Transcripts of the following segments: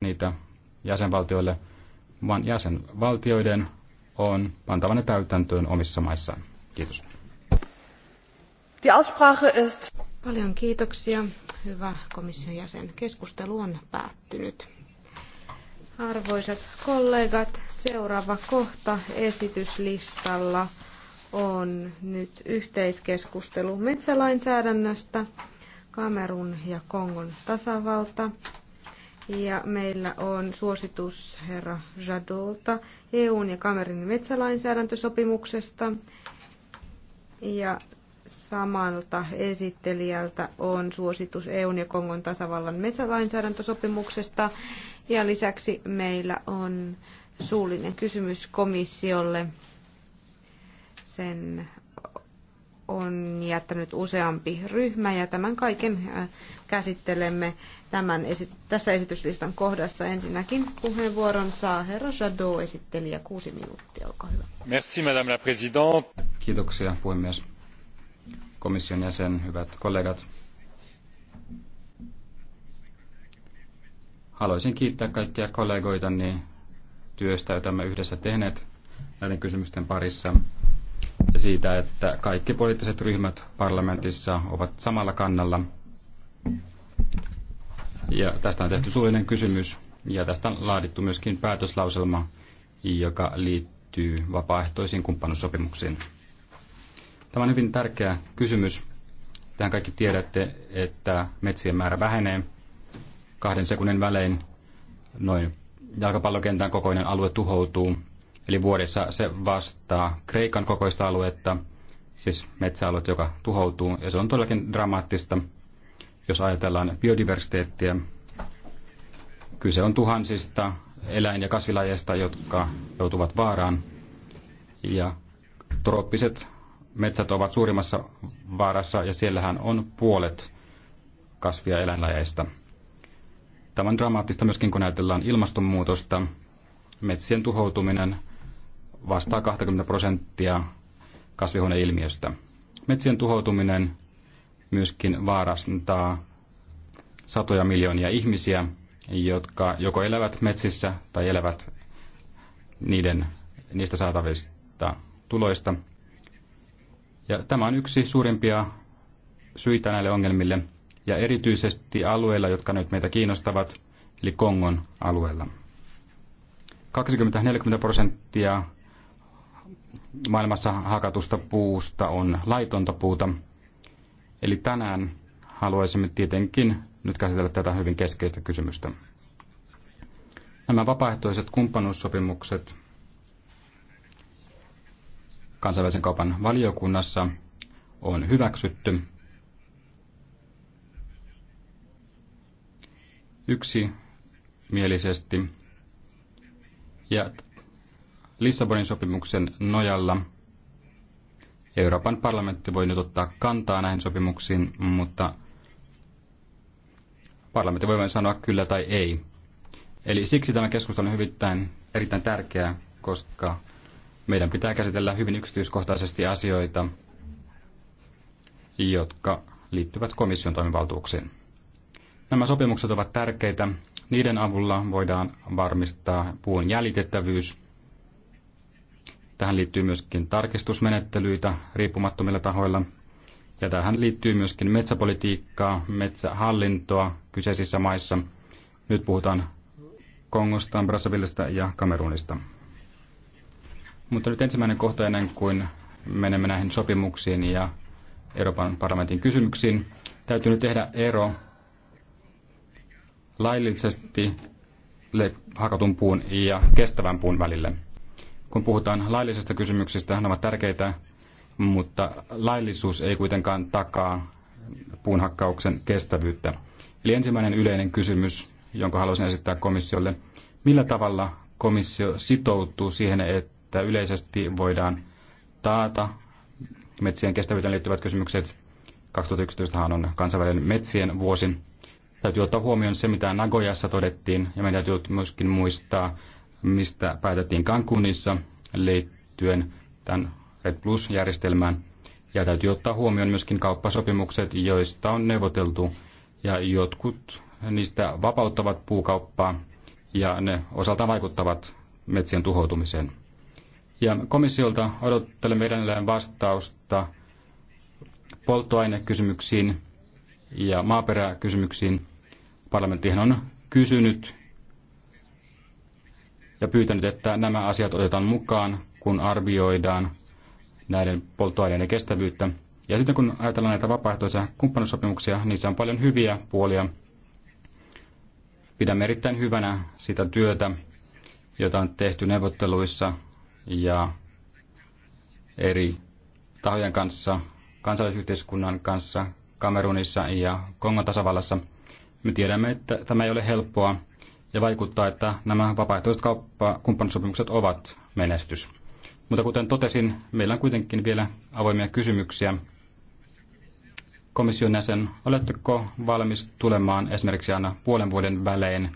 niitä jäsenvaltioille, vaan jäsenvaltioiden on pantava ne täytäntöön omissa maissaan. Kiitos. Die Aussprache ist... Paljon kiitoksia. Hyvä komission jäsen. Keskustelu on päättynyt. Arvoisat kollegat, seuraava kohta esityslistalla on nyt yhteiskeskustelu metsälainsäädännöstä, Kamerun ja Kongon tasavalta. Ja meillä on suositus herra Jadolta EUn ja Kamerin metsälainsäädäntösopimuksesta. Ja samalta esittelijältä on suositus EUn ja Kongon tasavallan metsälainsäädäntösopimuksesta. Ja lisäksi meillä on suullinen kysymys komissiolle sen on jättänyt useampi ryhmä ja tämän kaiken käsittelemme tämän esi- tässä esityslistan kohdassa. Ensinnäkin puheenvuoron saa herra Jadot esittelijä kuusi minuuttia, olkaa hyvä. Merci madame la présidente. Kiitoksia puhemies. Komission jäsen, hyvät kollegat. Haluaisin kiittää kaikkia kollegoitani työstä, jota me yhdessä tehneet näiden kysymysten parissa siitä, että kaikki poliittiset ryhmät parlamentissa ovat samalla kannalla. Ja tästä on tehty suullinen kysymys ja tästä on laadittu myöskin päätöslauselma, joka liittyy vapaaehtoisiin kumppanussopimuksiin. Tämä on hyvin tärkeä kysymys. Tähän kaikki tiedätte, että metsien määrä vähenee kahden sekunnin välein noin jalkapallokentän kokoinen alue tuhoutuu Eli vuodessa se vastaa Kreikan kokoista aluetta, siis metsäalueet, joka tuhoutuu. Ja se on todellakin dramaattista, jos ajatellaan biodiversiteettiä. Kyse on tuhansista eläin- ja kasvilajeista, jotka joutuvat vaaraan. Ja trooppiset metsät ovat suurimmassa vaarassa ja siellähän on puolet kasvia ja eläinlajeista. Tämä on dramaattista myöskin, kun ajatellaan ilmastonmuutosta. Metsien tuhoutuminen vastaa 20 prosenttia kasvihuoneilmiöstä. Metsien tuhoutuminen myöskin vaarastaa satoja miljoonia ihmisiä, jotka joko elävät metsissä tai elävät niiden, niistä saatavista tuloista. Ja tämä on yksi suurimpia syitä näille ongelmille, ja erityisesti alueilla, jotka nyt meitä kiinnostavat, eli Kongon alueella. 20-40 prosenttia maailmassa hakatusta puusta on laitonta puuta. Eli tänään haluaisimme tietenkin nyt käsitellä tätä hyvin keskeistä kysymystä. Nämä vapaaehtoiset kumppanuussopimukset kansainvälisen kaupan valiokunnassa on hyväksytty. Yksi mielisesti. Ja Lissabonin sopimuksen nojalla Euroopan parlamentti voi nyt ottaa kantaa näihin sopimuksiin, mutta parlamentti voi vain sanoa kyllä tai ei. Eli siksi tämä keskustelu on hyvittäin, erittäin tärkeää, koska meidän pitää käsitellä hyvin yksityiskohtaisesti asioita, jotka liittyvät komission toimivaltuuksiin. Nämä sopimukset ovat tärkeitä. Niiden avulla voidaan varmistaa puun jäljitettävyys Tähän liittyy myöskin tarkistusmenettelyitä riippumattomilla tahoilla. Ja tähän liittyy myöskin metsäpolitiikkaa, metsähallintoa kyseisissä maissa. Nyt puhutaan Kongosta, Brazzavillista ja Kamerunista. Mutta nyt ensimmäinen kohta ennen kuin menemme näihin sopimuksiin ja Euroopan parlamentin kysymyksiin. Täytyy nyt tehdä ero laillisesti hakatun puun ja kestävän puun välille kun puhutaan laillisista kysymyksistä, ne ovat tärkeitä, mutta laillisuus ei kuitenkaan takaa puunhakkauksen kestävyyttä. Eli ensimmäinen yleinen kysymys, jonka haluaisin esittää komissiolle. Millä tavalla komissio sitoutuu siihen, että yleisesti voidaan taata metsien kestävyyteen liittyvät kysymykset? 2011 on kansainvälinen metsien vuosi. Täytyy ottaa huomioon se, mitä Nagojassa todettiin, ja meidän täytyy myöskin muistaa mistä päätettiin Cancunissa liittyen tämän Red Plus-järjestelmään. Ja täytyy ottaa huomioon myöskin kauppasopimukset, joista on neuvoteltu. Ja jotkut niistä vapauttavat puukauppaa ja ne osaltaan vaikuttavat metsien tuhoutumiseen. Ja komissiolta odottelemme edelleen vastausta polttoainekysymyksiin ja maaperäkysymyksiin. Parlamenttihan on kysynyt ja pyytänyt, että nämä asiat otetaan mukaan, kun arvioidaan näiden polttoaineiden kestävyyttä. Ja sitten kun ajatellaan näitä vapaaehtoisia kumppanuussopimuksia, se on paljon hyviä puolia. Pidämme erittäin hyvänä sitä työtä, jota on tehty neuvotteluissa ja eri tahojen kanssa, kansalaisyhteiskunnan kanssa, Kamerunissa ja Kongon tasavallassa. Me tiedämme, että tämä ei ole helppoa ja vaikuttaa, että nämä vapaaehtoiset kauppakumppanisopimukset ovat menestys. Mutta kuten totesin, meillä on kuitenkin vielä avoimia kysymyksiä. Komission jäsen, oletteko valmis tulemaan esimerkiksi aina puolen vuoden välein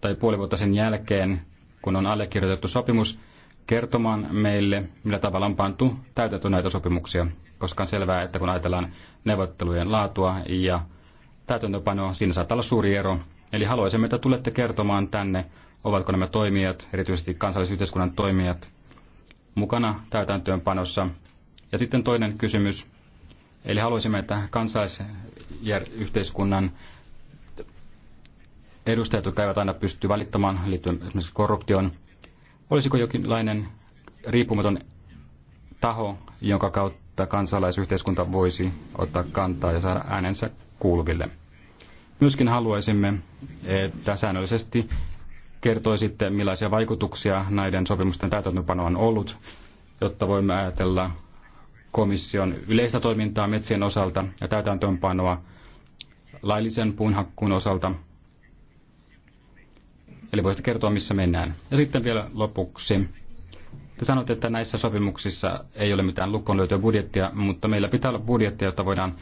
tai puoli vuotta sen jälkeen, kun on allekirjoitettu sopimus, kertomaan meille, millä tavalla on pantu täytetty näitä sopimuksia, koska on selvää, että kun ajatellaan neuvottelujen laatua ja täytäntöpanoa, siinä saattaa olla suuri ero Eli haluaisimme, että tulette kertomaan tänne, ovatko nämä toimijat, erityisesti kansallisyhteiskunnan toimijat, mukana täytäntöönpanossa. Ja sitten toinen kysymys. Eli haluaisimme, että kansallisyhteiskunnan edustajat, jotka eivät aina pysty valittamaan liittyen esimerkiksi korruptioon, olisiko jokinlainen riippumaton taho, jonka kautta kansalaisyhteiskunta voisi ottaa kantaa ja saada äänensä kuuluville. Myöskin haluaisimme, että säännöllisesti kertoisitte, millaisia vaikutuksia näiden sopimusten täytäntöpano on ollut, jotta voimme ajatella komission yleistä toimintaa metsien osalta ja täytäntöönpanoa laillisen puunhakkuun osalta. Eli voisitte kertoa, missä mennään. Ja sitten vielä lopuksi. Te sanotte, että näissä sopimuksissa ei ole mitään lukkoon löytyä budjettia, mutta meillä pitää olla budjettia, jotta voidaan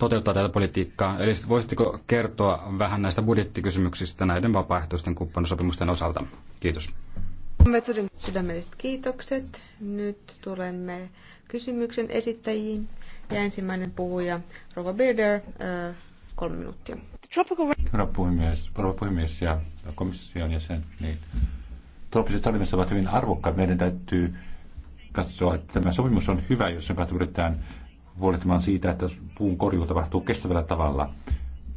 toteuttaa tätä politiikkaa. Eli voisitteko kertoa vähän näistä budjettikysymyksistä näiden vapaaehtoisten kumppanusopimusten osalta? Kiitos. Sydämelliset kiitokset. Nyt tulemme kysymyksen esittäjiin. Ja ensimmäinen puhuja, Rova Bader, äh, kolme minuuttia. Herra puhemies, rouva puhemies ja komission jäsen, niin trooppiset salimessa ovat hyvin arvokkaat. Meidän täytyy katsoa, että tämä sopimus on hyvä, jos sen kautta pyritään huolehtimaan siitä, että puun korjuu tapahtuu kestävällä tavalla.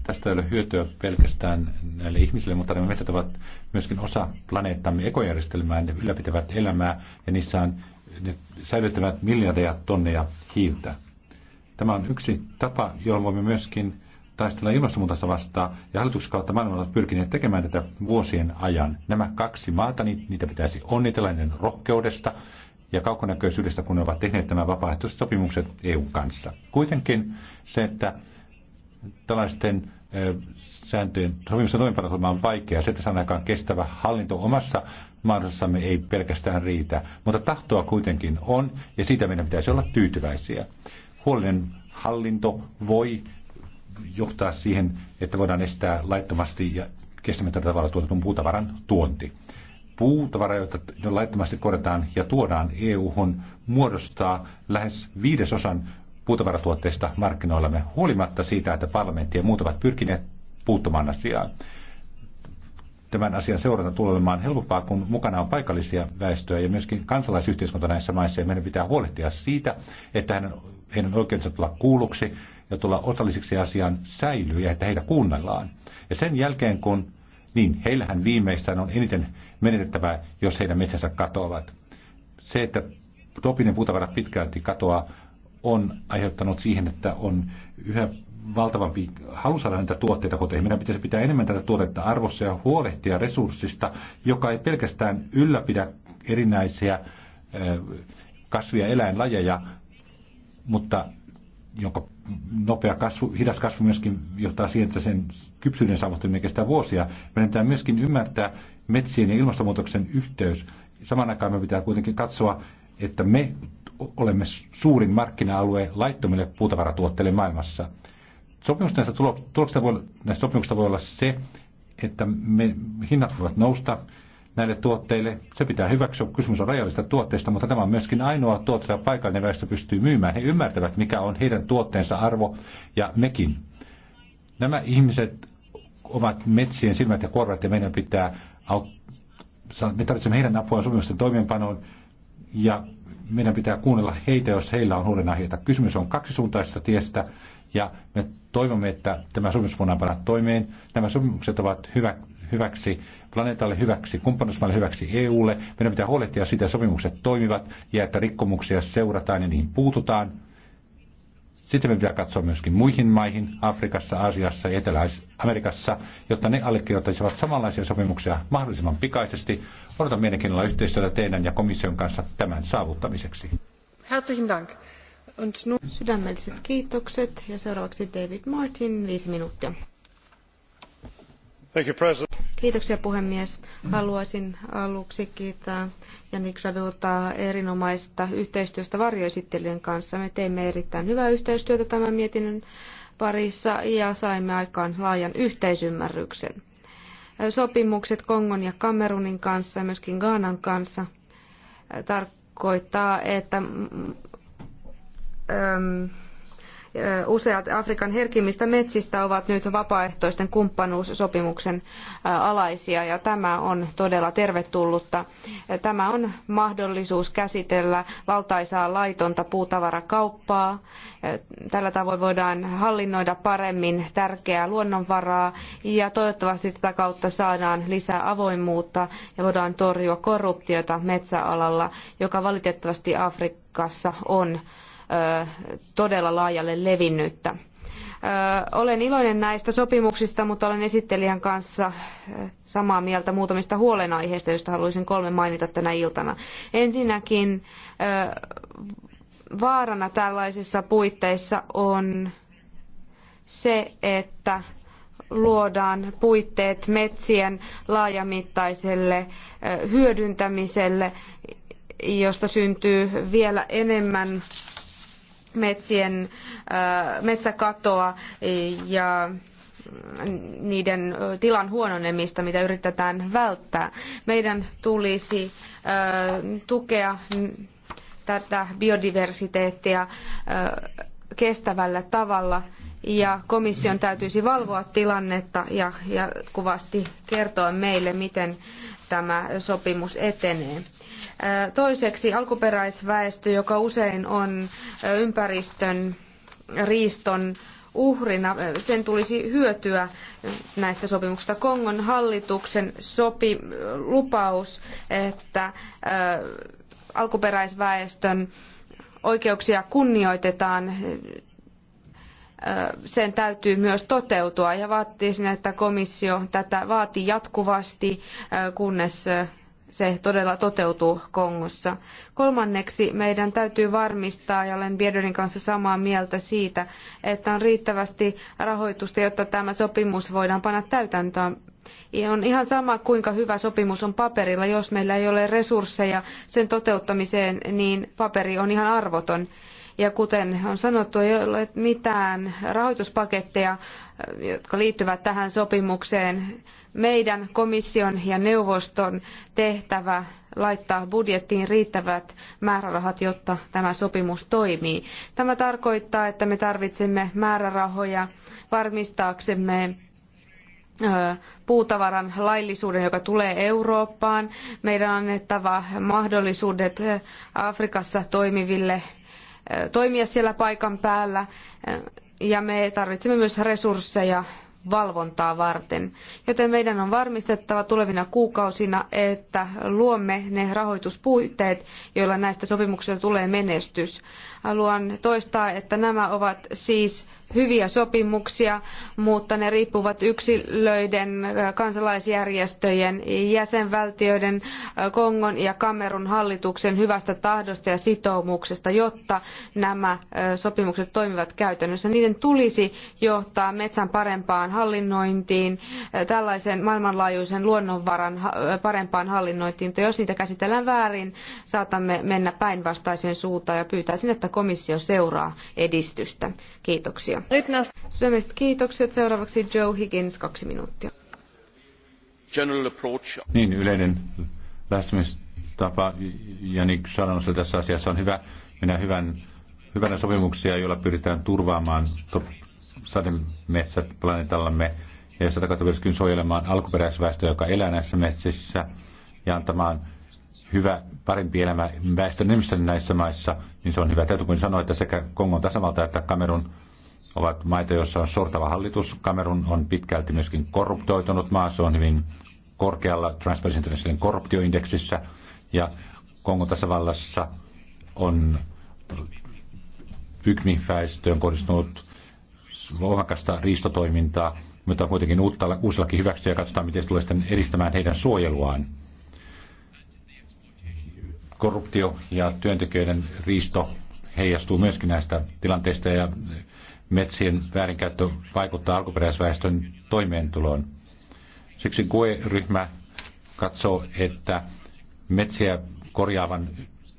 Tästä ei ole hyötyä pelkästään näille ihmisille, mutta nämä metsät ovat myöskin osa planeettamme ekojärjestelmää. Ne ylläpitävät elämää ja niissä on, ne säilyttävät miljardeja tonneja hiiltä. Tämä on yksi tapa, jolla voimme myöskin taistella ilmastonmuutosta vastaan ja hallituksen kautta maailman ovat pyrkineet tekemään tätä vuosien ajan. Nämä kaksi maata, niin niitä pitäisi onnitella rohkeudesta ja kaukonäköisyydestä, kun ne ovat tehneet tämän vapaaehtoiset sopimukset EUn kanssa. Kuitenkin se, että tällaisten sääntöjen sopimusten toimeenpanotelma on vaikea. Se, että saadaan aikaan kestävä hallinto omassa mahdollisessamme ei pelkästään riitä, mutta tahtoa kuitenkin on ja siitä meidän pitäisi olla tyytyväisiä. Huolinen hallinto voi johtaa siihen, että voidaan estää laittomasti ja kestämättä tavalla tuotetun puutavaran tuonti puutavara, jota laittomasti korjataan ja tuodaan EU-hun, muodostaa lähes viidesosan puutavaratuotteista markkinoillamme, huolimatta siitä, että parlamentti ja muut ovat pyrkineet puuttumaan asiaan. Tämän asian seuranta tulee olemaan helpompaa, kun mukana on paikallisia väestöjä ja myöskin kansalaisyhteiskunta näissä maissa. Ja meidän pitää huolehtia siitä, että heidän, heidän oikeutensa tulla kuulluksi ja tulla osallisiksi asiaan säilyy ja että heitä kuunnellaan. Ja sen jälkeen, kun niin heillähän viimeistään on eniten menetettävää, jos heidän metsänsä katoavat. Se, että tropinen puutavara pitkälti katoaa, on aiheuttanut siihen, että on yhä valtavampi halu saada näitä tuotteita koteihin. Meidän pitäisi pitää enemmän tätä tuotetta arvossa ja huolehtia resurssista, joka ei pelkästään ylläpidä erinäisiä kasvia eläinlajeja, mutta jonka nopea kasvu, hidas kasvu myöskin johtaa siihen, että sen kypsyyden saavuttaminen kestää vuosia. Meidän pitää myöskin ymmärtää metsien ja ilmastonmuutoksen yhteys. Samaan aikaan me pitää kuitenkin katsoa, että me olemme suurin markkina-alue laittomille puutavaratuotteille maailmassa. Sopimus näistä, tulo, voi, näistä sopimuksista voi olla se, että me, hinnat voivat nousta, näille tuotteille. Se pitää hyväksyä, kysymys on rajallisista tuotteista, mutta tämä on myöskin ainoa tuote, jota paikallinen väestö pystyy myymään. He ymmärtävät, mikä on heidän tuotteensa arvo ja mekin. Nämä ihmiset ovat metsien silmät ja korvat ja meidän pitää me tarvitsemme heidän apua sopimusten toimeenpanoon ja meidän pitää kuunnella heitä, jos heillä on huolenaiheita. Kysymys on kaksisuuntaisesta tiestä ja me toivomme, että tämä sopimus voidaan panna toimeen. Nämä sopimukset ovat hyvä hyväksi, planeetalle hyväksi, kumppanuusmaille hyväksi EUlle. Meidän pitää huolehtia siitä, että sopimukset toimivat ja että rikkomuksia seurataan ja niihin puututaan. Sitten me pitää katsoa myöskin muihin maihin, Afrikassa, Aasiassa ja Etelä-Amerikassa, jotta ne allekirjoittaisivat samanlaisia sopimuksia mahdollisimman pikaisesti. Odotan mielenkiinnolla yhteistyötä teidän ja komission kanssa tämän saavuttamiseksi. Herzlichen Dank. Und nun... Sydämelliset kiitokset ja seuraavaksi David Martin, viisi minuuttia. Thank you, President. Kiitoksia puhemies. Haluaisin aluksi kiittää Janik Sadota erinomaista yhteistyöstä varjoesittelijän kanssa. Me teimme erittäin hyvää yhteistyötä tämän mietinnön parissa ja saimme aikaan laajan yhteisymmärryksen. Sopimukset Kongon ja Kamerunin kanssa ja myöskin Gaanan kanssa tarkoittaa, että mm, mm, Useat Afrikan herkimmistä metsistä ovat nyt vapaaehtoisten kumppanuussopimuksen alaisia ja tämä on todella tervetullutta. Tämä on mahdollisuus käsitellä valtaisaa laitonta puutavarakauppaa. Tällä tavoin voidaan hallinnoida paremmin tärkeää luonnonvaraa ja toivottavasti tätä kautta saadaan lisää avoimuutta ja voidaan torjua korruptiota metsäalalla, joka valitettavasti Afrikassa on todella laajalle levinnyttä. Olen iloinen näistä sopimuksista, mutta olen esittelijän kanssa samaa mieltä muutamista huolenaiheista, joista haluaisin kolme mainita tänä iltana. Ensinnäkin vaarana tällaisissa puitteissa on se, että luodaan puitteet metsien laajamittaiselle hyödyntämiselle, josta syntyy vielä enemmän metsien, metsäkatoa ja niiden tilan huononemista, mitä yritetään välttää. Meidän tulisi tukea tätä biodiversiteettia kestävällä tavalla ja komission täytyisi valvoa tilannetta ja, ja kuvasti kertoa meille, miten tämä sopimus etenee. Toiseksi alkuperäisväestö, joka usein on ympäristön riiston uhrina, sen tulisi hyötyä näistä sopimuksista. Kongon hallituksen sopi, lupaus, että alkuperäisväestön oikeuksia kunnioitetaan, sen täytyy myös toteutua ja vaatii sinne, että komissio tätä vaatii jatkuvasti, kunnes se todella toteutuu Kongossa. Kolmanneksi meidän täytyy varmistaa, ja olen Biederin kanssa samaa mieltä siitä, että on riittävästi rahoitusta, jotta tämä sopimus voidaan panna täytäntöön. Ja on ihan sama, kuinka hyvä sopimus on paperilla. Jos meillä ei ole resursseja sen toteuttamiseen, niin paperi on ihan arvoton. Ja kuten on sanottu, ei ole mitään rahoituspaketteja, äh, jotka liittyvät tähän sopimukseen. Meidän komission ja neuvoston tehtävä laittaa budjettiin riittävät määrärahat, jotta tämä sopimus toimii. Tämä tarkoittaa, että me tarvitsemme määrärahoja varmistaaksemme äh, puutavaran laillisuuden, joka tulee Eurooppaan. Meidän on annettava mahdollisuudet äh, Afrikassa toimiville toimia siellä paikan päällä eh, ja me tarvitsemme myös resursseja valvontaa varten. Joten meidän on varmistettava tulevina kuukausina, että luomme ne rahoituspuitteet, joilla näistä sopimuksista tulee menestys. Haluan toistaa, että nämä ovat siis hyviä sopimuksia, mutta ne riippuvat yksilöiden, kansalaisjärjestöjen, jäsenvaltioiden, Kongon ja Kamerun hallituksen hyvästä tahdosta ja sitoumuksesta, jotta nämä sopimukset toimivat käytännössä. Niiden tulisi johtaa metsän parempaan hallinnointiin, tällaisen maailmanlaajuisen luonnonvaran parempaan hallinnointiin, mutta jos niitä käsitellään väärin, saatamme mennä päinvastaiseen suuntaan ja pyytäisin, että komissio seuraa edistystä. Kiitoksia. Sydämiset kiitokset. Seuraavaksi Joe Higgins, kaksi minuuttia. Niin, yleinen lähestymistapa Janik Sharanusel tässä asiassa on hyvä. Minä hyvän, hyvänä sopimuksia, joilla pyritään turvaamaan sademetsät planeetallamme ja sitä kautta suojelemaan alkuperäisväestöä, joka elää näissä metsissä ja antamaan hyvä, parempi elämä väestön enemmistölle näissä maissa, niin se on hyvä. Täytyy kuin sanoa, että sekä Kongon tasavalta että Kamerun ovat maita, joissa on sortava hallitus. Kamerun on pitkälti myöskin korruptoitunut maa. Se on hyvin korkealla Transparency Internationalin korruptioindeksissä. Ja Kongon tasavallassa on pykmiväestöön kohdistunut voimakasta riistotoimintaa, mutta on kuitenkin uutta, uusillakin hyväksyä ja katsotaan, miten se tulee sitten edistämään heidän suojeluaan korruptio ja työntekijöiden riisto heijastuu myöskin näistä tilanteista ja metsien väärinkäyttö vaikuttaa alkuperäisväestön toimeentuloon. Siksi GUE-ryhmä katsoo, että metsiä korjaavan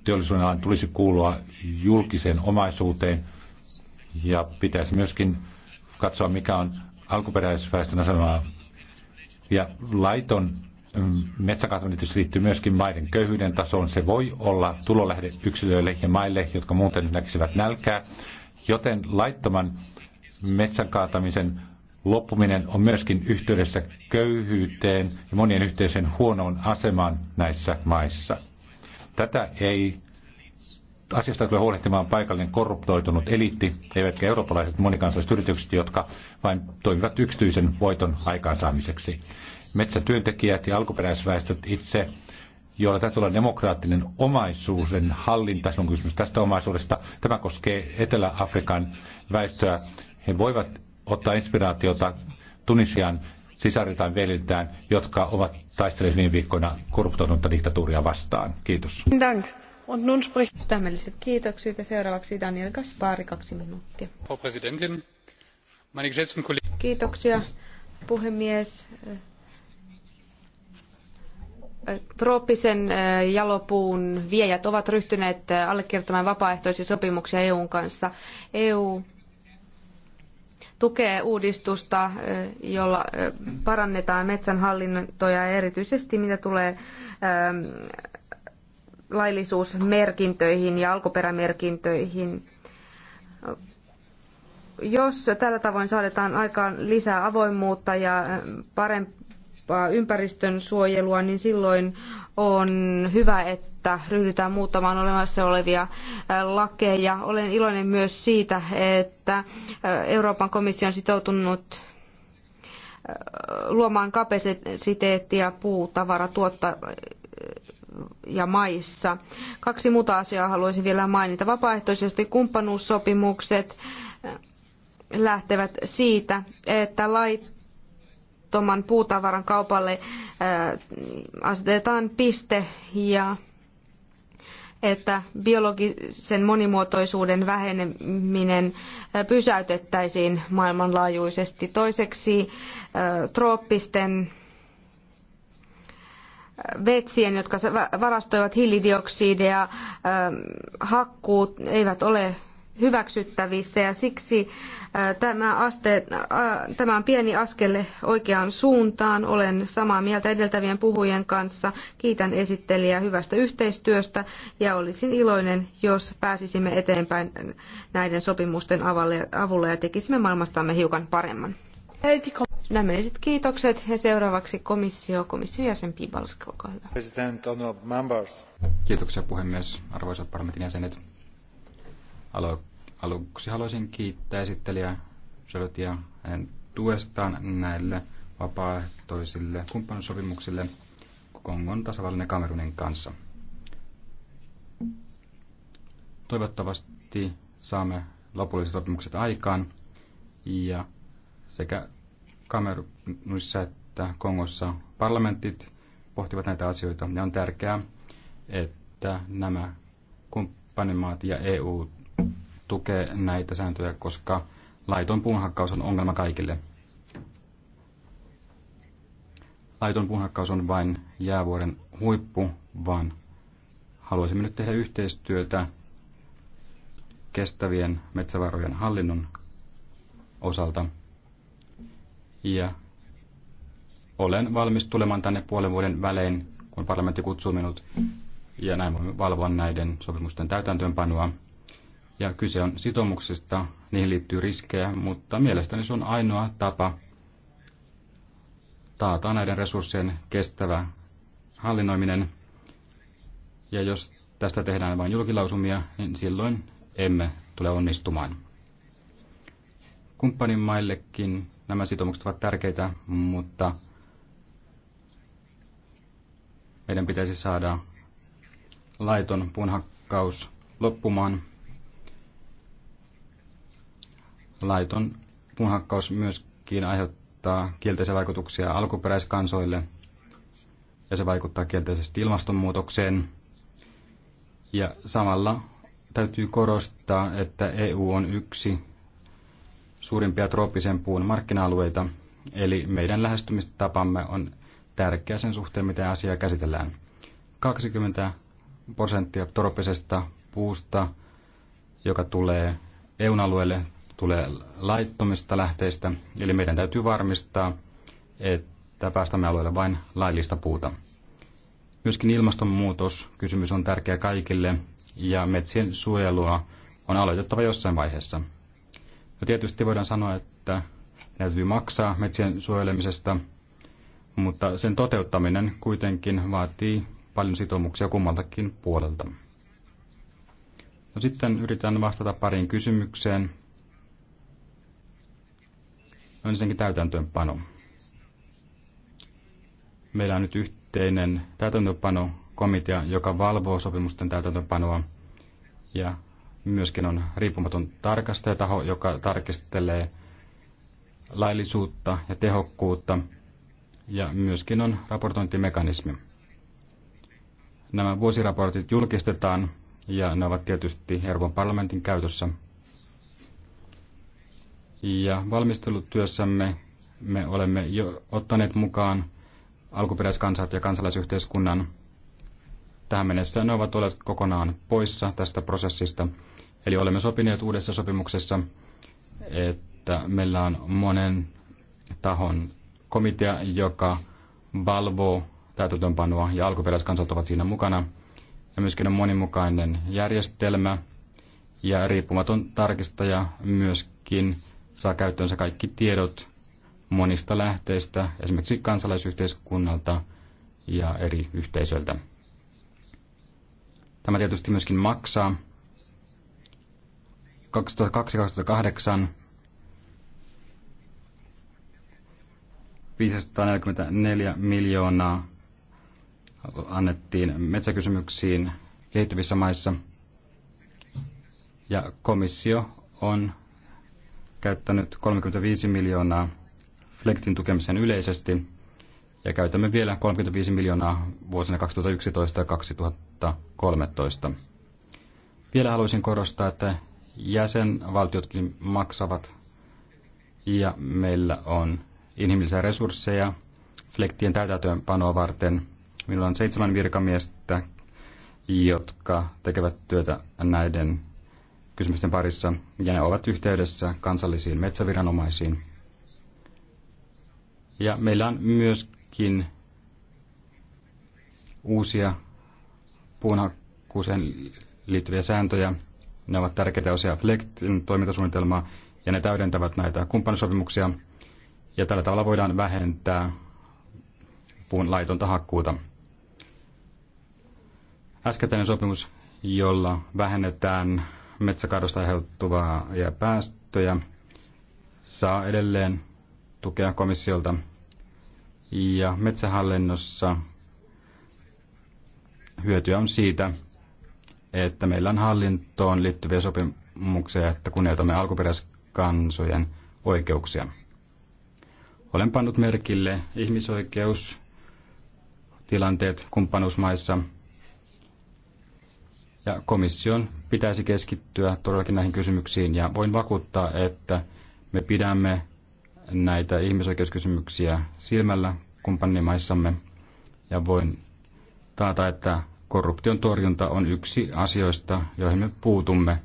teollisuuden alan tulisi kuulua julkiseen omaisuuteen ja pitäisi myöskin katsoa, mikä on alkuperäisväestön asemaa. Ja laiton Mm, metsäkasvatus liittyy myöskin maiden köyhyyden tasoon. Se voi olla tulolähde yksilöille ja maille, jotka muuten näkisivät nälkää. Joten laittoman metsän kaatamisen loppuminen on myöskin yhteydessä köyhyyteen ja monien yhteisen huonoon asemaan näissä maissa. Tätä ei asiasta tulee huolehtimaan paikallinen korruptoitunut eliitti, eivätkä eurooppalaiset monikansalliset yritykset, jotka vain toimivat yksityisen voiton aikaansaamiseksi metsätyöntekijät ja alkuperäisväestöt itse, joilla täytyy olla demokraattinen omaisuus, sen hallinta, se on kysymys tästä omaisuudesta. Tämä koskee Etelä-Afrikan väestöä. He voivat ottaa inspiraatiota Tunisian sisariltaan veliltään, jotka ovat taistelleet viime viikkoina korruptoitunutta diktatuuria vastaan. Kiitos. Dank. Und nun spricht... Sydämelliset kiitokset ja seuraavaksi Daniel Kaspari, kaksi minuuttia. Frau Präsidentin, meine geschätzten Kollegen. Kiitoksia, puhemies, trooppisen äh, jalopuun viejät ovat ryhtyneet äh, allekirjoittamaan vapaaehtoisia sopimuksia EUn kanssa. EU tukee uudistusta, äh, jolla parannetaan metsänhallintoja erityisesti mitä tulee ähm, laillisuusmerkintöihin ja alkuperämerkintöihin. Jos tällä tavoin saadaan aikaan lisää avoimuutta ja parempi ympäristön suojelua, niin silloin on hyvä, että ryhdytään muuttamaan olemassa olevia lakeja. Olen iloinen myös siitä, että Euroopan komissio on sitoutunut luomaan kapasiteettia puutavaratuotta ja maissa. Kaksi muuta asiaa haluaisin vielä mainita. Vapaaehtoisesti kumppanuussopimukset lähtevät siitä, että lait maksuttoman puutavaran kaupalle äh, asetetaan piste ja että biologisen monimuotoisuuden väheneminen äh, pysäytettäisiin maailmanlaajuisesti. Toiseksi äh, trooppisten vetsien, jotka varastoivat hiilidioksidia, hakkuut eivät ole hyväksyttävissä ja siksi tämä, aste, tämä on pieni askel oikeaan suuntaan. Olen samaa mieltä edeltävien puhujien kanssa. Kiitän esittelijää hyvästä yhteistyöstä ja olisin iloinen, jos pääsisimme eteenpäin näiden sopimusten avulla ja tekisimme maailmastamme hiukan paremman. Sydämelliset kiitokset ja seuraavaksi komissio, komission jäsen Pibalski, olkaa hyvä. Kiitoksia puhemies, arvoisat parlamentin jäsenet. Aluksi haluaisin kiittää esittelijä Charlotia hänen tuestaan näille vapaaehtoisille kumppanuussopimuksille Kongon tasavallan ja Kamerunin kanssa. Toivottavasti saamme lopulliset sopimukset aikaan ja sekä Kamerunissa että Kongossa parlamentit pohtivat näitä asioita ja on tärkeää, että nämä kumppanimaat ja EU tukee näitä sääntöjä, koska laiton puunhakkaus on ongelma kaikille. Laiton puunhakkaus on vain jäävuoren huippu, vaan haluaisimme nyt tehdä yhteistyötä kestävien metsävarojen hallinnon osalta. Ja olen valmis tulemaan tänne puolen vuoden välein, kun parlamentti kutsuu minut, ja näin voimme valvoa näiden sopimusten täytäntöönpanoa ja kyse on sitoumuksista, niihin liittyy riskejä, mutta mielestäni se on ainoa tapa taata näiden resurssien kestävä hallinnoiminen. Ja jos tästä tehdään vain julkilausumia, niin silloin emme tule onnistumaan. maillekin nämä sitoumukset ovat tärkeitä, mutta meidän pitäisi saada laiton punhakkaus loppumaan laiton puunhakkaus myöskin aiheuttaa kielteisiä vaikutuksia alkuperäiskansoille ja se vaikuttaa kielteisesti ilmastonmuutokseen. Ja samalla täytyy korostaa, että EU on yksi suurimpia trooppisen puun markkina-alueita, eli meidän lähestymistapamme on tärkeä sen suhteen, miten asiaa käsitellään. 20 prosenttia trooppisesta puusta, joka tulee EUn alueelle, tulee laittomista lähteistä, eli meidän täytyy varmistaa, että päästämme alueelle vain laillista puuta. Myöskin ilmastonmuutos kysymys on tärkeä kaikille ja metsien suojelua on aloitettava jossain vaiheessa. Ja tietysti voidaan sanoa, että täytyy maksaa metsien suojelemisesta, mutta sen toteuttaminen kuitenkin vaatii paljon sitoumuksia kummaltakin puolelta. No sitten yritän vastata pariin kysymykseen, No niin, ensinnäkin täytäntöönpano. Meillä on nyt yhteinen täytäntöönpanokomitea, joka valvoo sopimusten täytäntöönpanoa ja myöskin on riippumaton tarkastajataho, joka tarkistelee laillisuutta ja tehokkuutta ja myöskin on raportointimekanismi. Nämä vuosiraportit julkistetaan ja ne ovat tietysti Euroopan parlamentin käytössä – ja valmistelutyössämme me olemme jo ottaneet mukaan alkuperäiskansat ja kansalaisyhteiskunnan. Tähän mennessä ne ovat olleet kokonaan poissa tästä prosessista. Eli olemme sopineet uudessa sopimuksessa, että meillä on monen tahon komitea, joka valvoo täytäntöönpanoa ja alkuperäiskansat ovat siinä mukana. Ja myöskin on monimukainen järjestelmä ja riippumaton tarkistaja myöskin – saa käyttöönsä kaikki tiedot monista lähteistä, esimerkiksi kansalaisyhteiskunnalta ja eri yhteisöiltä. Tämä tietysti myöskin maksaa. 2002-2008 544 miljoonaa annettiin metsäkysymyksiin kehittyvissä maissa. Ja komissio on käyttänyt 35 miljoonaa Flektin tukemiseen yleisesti ja käytämme vielä 35 miljoonaa vuosina 2011 ja 2013. Vielä haluaisin korostaa, että jäsenvaltiotkin maksavat ja meillä on inhimillisiä resursseja Flektien täytäntöönpanoa varten. Minulla on seitsemän virkamiestä, jotka tekevät työtä näiden kysymysten parissa, ja ne ovat yhteydessä kansallisiin metsäviranomaisiin. Ja meillä on myöskin uusia puunhakkuuseen liittyviä sääntöjä. Ne ovat tärkeitä osia flektin toimintasuunnitelmaa, ja ne täydentävät näitä kumppanisopimuksia, ja tällä tavalla voidaan vähentää puun laitonta hakkuuta. Äskettäinen sopimus, jolla vähennetään metsäkadosta aiheutuvaa ja päästöjä saa edelleen tukea komissiolta. Ja metsähallinnossa hyötyä on siitä, että meillä on hallintoon liittyviä sopimuksia, että kunnioitamme alkuperäiskansojen oikeuksia. Olen pannut merkille ihmisoikeustilanteet kumppanuusmaissa – ja komission pitäisi keskittyä todellakin näihin kysymyksiin ja voin vakuuttaa, että me pidämme näitä ihmisoikeuskysymyksiä silmällä kumppanimaissamme ja voin taata, että korruption torjunta on yksi asioista, joihin me puutumme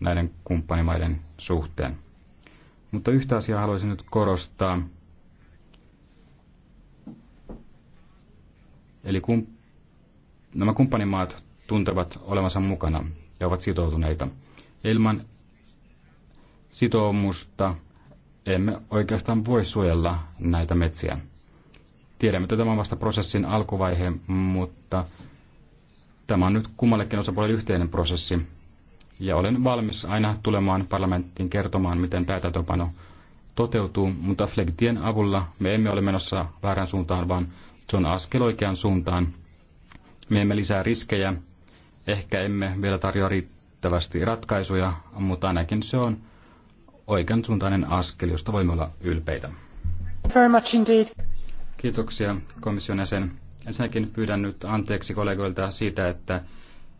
näiden kumppanimaiden suhteen. Mutta yhtä asiaa haluaisin nyt korostaa. Eli kun, nämä kumppanimaat tuntevat olevansa mukana ja ovat sitoutuneita. Ilman sitoumusta emme oikeastaan voi suojella näitä metsiä. Tiedämme, että tämä on vasta prosessin alkuvaihe, mutta tämä on nyt kummallekin osapuolelle yhteinen prosessi. Ja olen valmis aina tulemaan parlamenttiin kertomaan, miten täytäntöpano toteutuu, mutta Flektien avulla me emme ole menossa väärään suuntaan, vaan se on askel oikeaan suuntaan. Me emme lisää riskejä, Ehkä emme vielä tarjoa riittävästi ratkaisuja, mutta ainakin se on oikean suuntainen askel, josta voimme olla ylpeitä. Very much indeed. Kiitoksia komission jäsen. Ensinnäkin pyydän nyt anteeksi kollegoilta siitä, että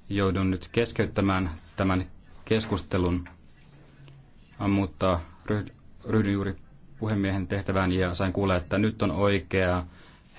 joudun nyt keskeyttämään tämän keskustelun, mutta ryhdyn juuri puhemiehen tehtävään ja sain kuulla, että nyt on oikea